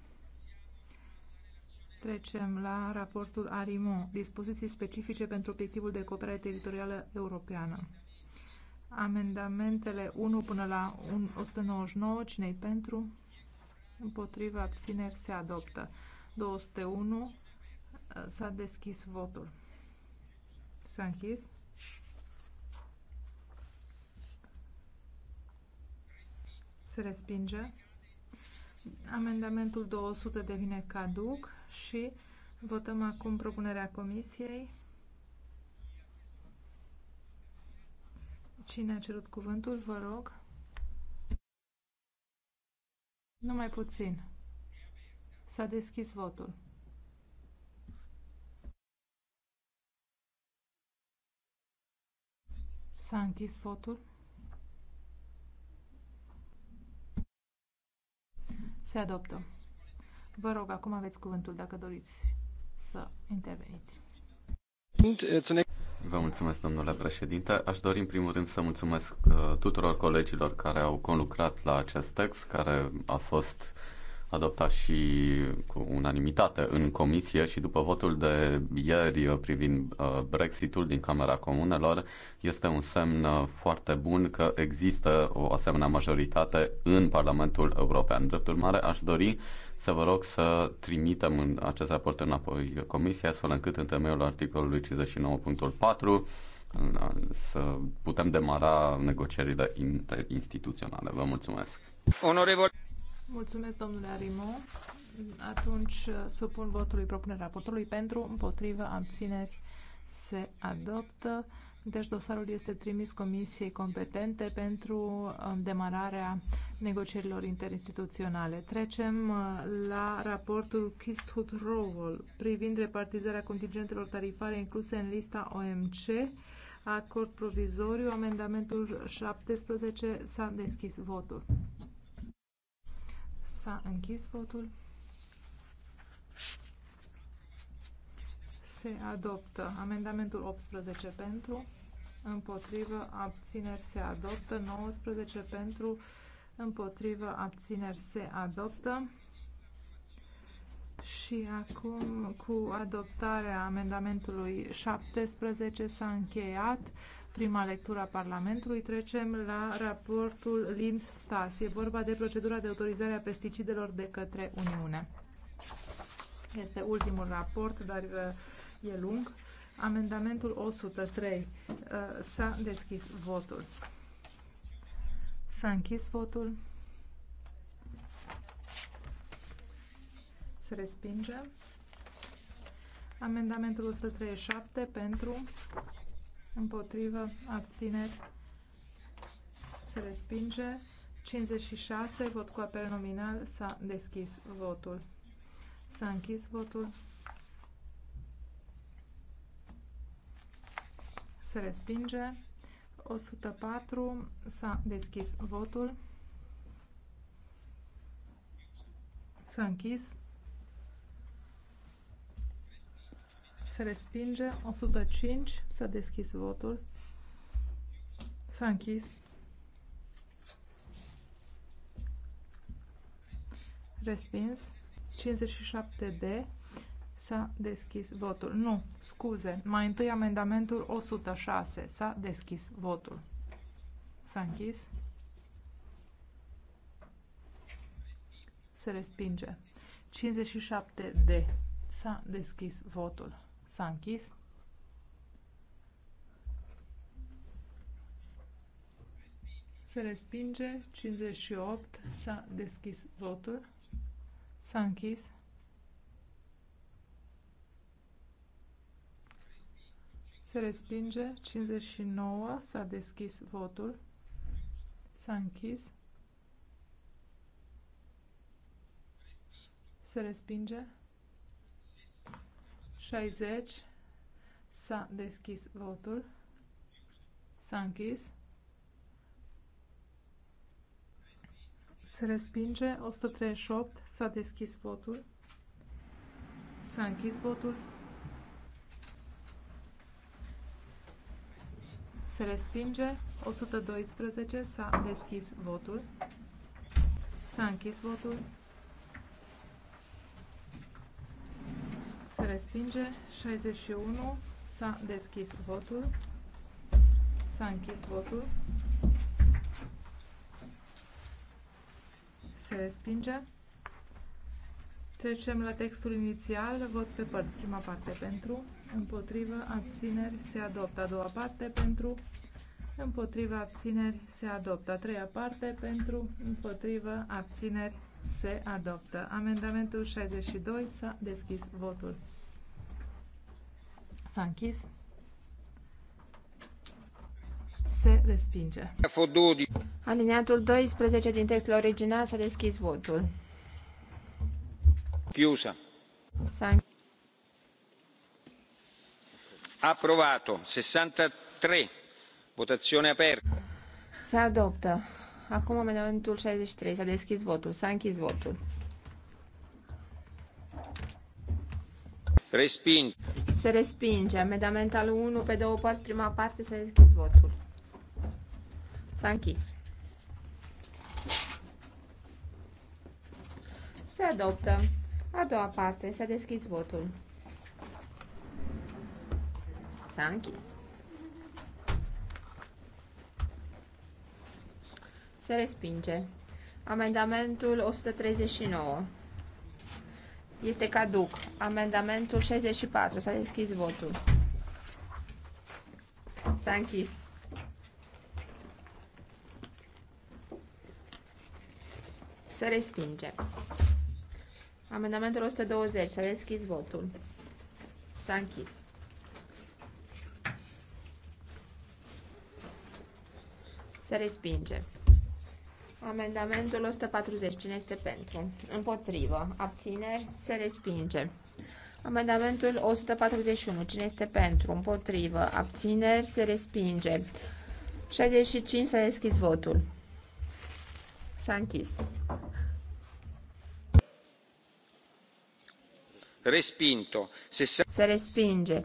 Trecem la raportul Arimon, dispoziții specifice pentru obiectivul de cooperare teritorială europeană. Amendamentele 1 până la 199, cine-i pentru? Împotriva abțineri se adoptă. 201 s-a deschis votul. S-a închis. Se respinge. Amendamentul 200 devine caduc și votăm acum propunerea comisiei. Cine a cerut cuvântul, vă rog? Numai puțin. S-a deschis votul. S-a închis votul. Se adoptă. Vă rog, acum aveți cuvântul dacă doriți să interveniți. Eh, Vă mulțumesc, domnule președinte. Aș dori, în primul rând, să mulțumesc eh, tuturor colegilor care au conlucrat la acest text, care a fost adoptat și cu unanimitate în comisie și după votul de ieri eh, privind Brexitul din Camera Comunelor, este un semn foarte bun că există o asemenea majoritate în Parlamentul European. Drept urmare, aș dori să vă rog să trimitem în acest raport înapoi Comisia, astfel încât în temeiul articolului 59.4 să putem demara negocierile interinstituționale. Vă mulțumesc! Onorevol. Mulțumesc, domnule Arimo. Atunci uh, supun votului propunerea raportului pentru, împotrivă, abțineri se adoptă. Deci dosarul este trimis comisiei competente pentru um, demararea negocierilor interinstituționale. Trecem uh, la raportul Kisthut Rowell privind repartizarea contingentelor tarifare incluse în lista OMC, acord provizoriu, amendamentul 17, s-a deschis votul. S-a închis votul se adoptă. Amendamentul 18 pentru, împotrivă, abțineri se adoptă. 19 pentru, împotrivă, abțineri se adoptă. Și acum, cu adoptarea amendamentului 17, s-a încheiat prima lectură a Parlamentului. Trecem la raportul Linz-Stas. E vorba de procedura de autorizare a pesticidelor de către Uniune. Este ultimul raport, dar e lung. Amendamentul 103. Uh, s-a deschis votul. S-a închis votul. Se respinge. Amendamentul 137 pentru, împotrivă, abțineri, se respinge. 56, vot cu apel nominal, s-a deschis votul. S-a închis votul. se respinge. 104 s-a deschis votul. S-a închis. Se respinge. 105 s-a deschis votul. S-a închis. Respins. 57D S-a deschis votul. Nu, scuze. Mai întâi amendamentul 106. S-a deschis votul. S-a închis. Se respinge. 57 D. S-a deschis votul. S-a închis. Se respinge. 58. S-a deschis votul. S-a închis. se respinge 59 s-a deschis votul s-a închis se respinge 60 s-a deschis votul s-a închis se respinge 138 s-a deschis votul s-a închis votul Se respinge. 112. S-a deschis votul. S-a închis votul. Se respinge. 61. S-a deschis votul. S-a închis votul. Se respinge. Trecem la textul inițial, vot pe părți. Prima parte pentru, împotrivă, abțineri, se adoptă. A doua parte pentru, împotrivă, abțineri, se adoptă. A treia parte pentru, împotrivă, abțineri, se adoptă. Amendamentul 62 s-a deschis votul. S-a închis. Se respinge. Alineatul 12 din textul original s-a deschis votul chiusa. approvato. sessantatré votazione aperta. se adoptă. acum amendamentul 63. s deschis votul. s-a închis se respinge. amendamentul 1 pe două prima parte s deschis votul. s se adoptă. A doua parte. S-a deschis votul. S-a închis. Se respinge. Amendamentul 139. Este caduc. Amendamentul 64. S-a deschis votul. S-a închis. Se respinge. Amendamentul 120. S-a deschis votul. S-a închis. Se respinge. Amendamentul 140. Cine este pentru? Împotrivă. Abțineri? Se respinge. Amendamentul 141. Cine este pentru? Împotrivă. Abțineri? Se respinge. 65. S-a deschis votul. S-a închis. respinto. Se respinge.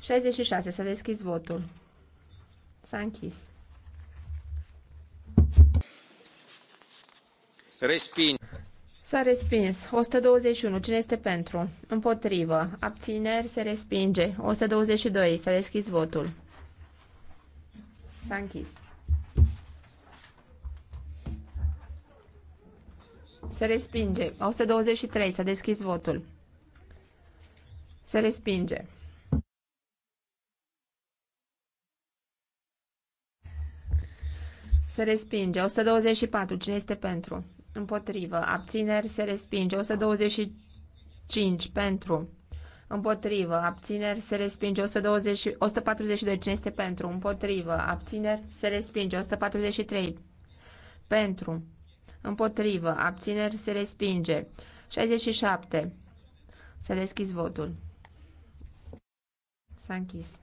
66. S-a deschis votul. S-a închis. Respin. S-a respins. 121. Cine este pentru? Împotrivă. Abțineri se respinge. 122. S-a deschis votul. S-a închis. Se respinge. 123. S-a deschis votul. Se respinge. Se respinge. 124. Cine este pentru? Împotrivă. Abțineri. Se respinge. 125. Pentru. Împotrivă. Abțineri. Se respinge. 120, 142. Cine este pentru? Împotrivă. Abțineri. Se respinge. 143. Pentru. Împotrivă. Abțineri. Se respinge. 67. Să deschizi votul. S-a închis.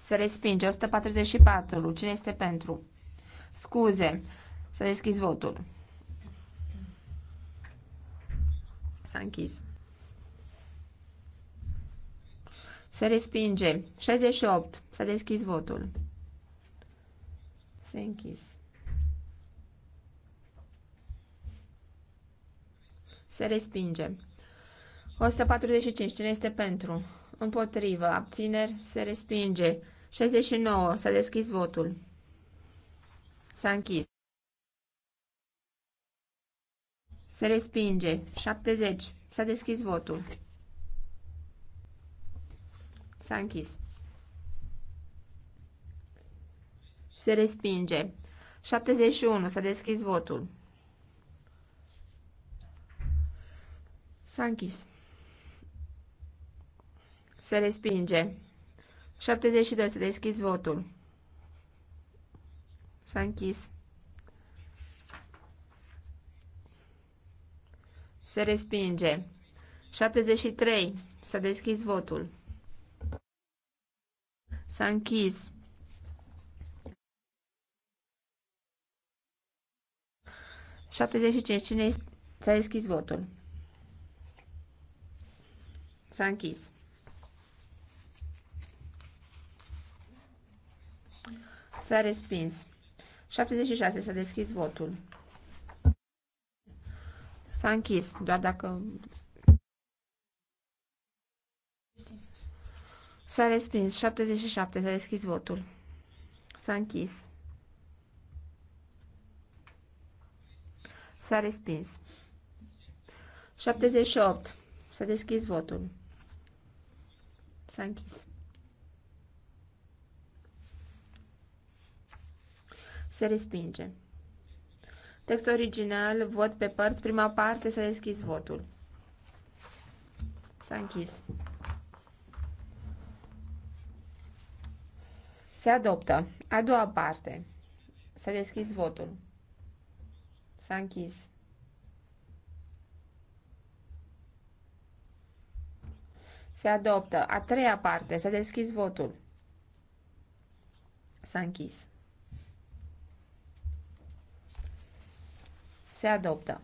Se respinge. 144. Cine este pentru? Scuze. S-a deschis votul. S-a închis. Se respinge. 68. S-a deschis votul. S-a închis. Se respinge. 145. Cine este pentru? Împotrivă. Abțineri. Se respinge. 69. S-a deschis votul. S-a închis. Se respinge. 70. S-a deschis votul. S-a închis. Se respinge. 71. S-a deschis votul. S-a închis. Se respinge. 72. Să deschizi votul. S-a închis. Se respinge. 73. S-a deschis votul. S-a închis. Cine s-a deschis votul? S-a închis. S-a respins. 76. S-a deschis votul. S-a închis, doar dacă... S-a respins. 77. S-a deschis votul. S-a închis. S-a respins. 78. S-a deschis votul. S-a închis. Se respinge. Text original, vot pe părți, prima parte, s-a deschis votul. S-a închis. Se adoptă. A doua parte. S-a deschis votul. S-a închis. Se adoptă. A treia parte. S-a deschis votul. S-a închis. Se adoptă.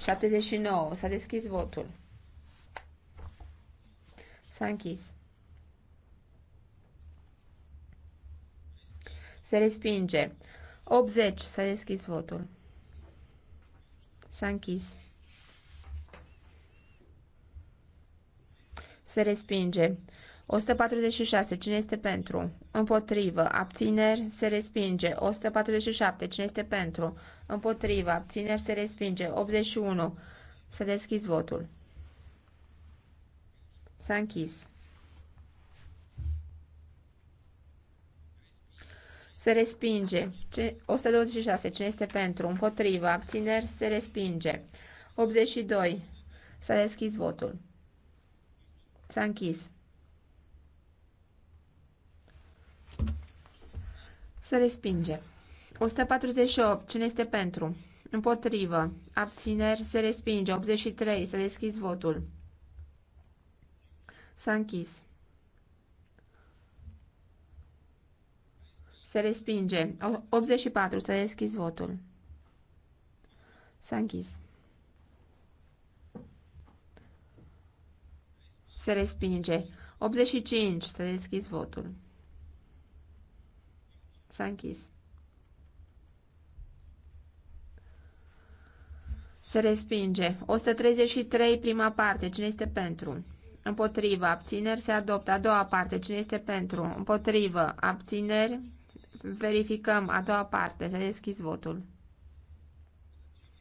79. S-a deschis votul. S-a închis. Se respinge. 80. S-a deschis votul. S-a închis. Se respinge. 146. Cine este pentru? Împotrivă. Abțineri. Se respinge. 147. Cine este pentru? Împotrivă. Abțineri. Se respinge. 81. Să deschizi votul. S-a închis. Se respinge. 126. Cine este pentru? Împotrivă. Abțineri. Se respinge. 82. S-a deschis votul. S-a închis. Se respinge. 148. Cine este pentru? Împotrivă. Abțineri. Se respinge. 83. Să deschizi votul. S-a închis. Se respinge. 84. Să deschizi votul. S-a închis. Se respinge. 85. Să deschizi votul. S-a închis. Se respinge. 133, prima parte. Cine este pentru? Împotrivă. Abțineri. Se adoptă. A doua parte. Cine este pentru? Împotrivă. Abțineri. Verificăm. A doua parte. S-a deschis votul.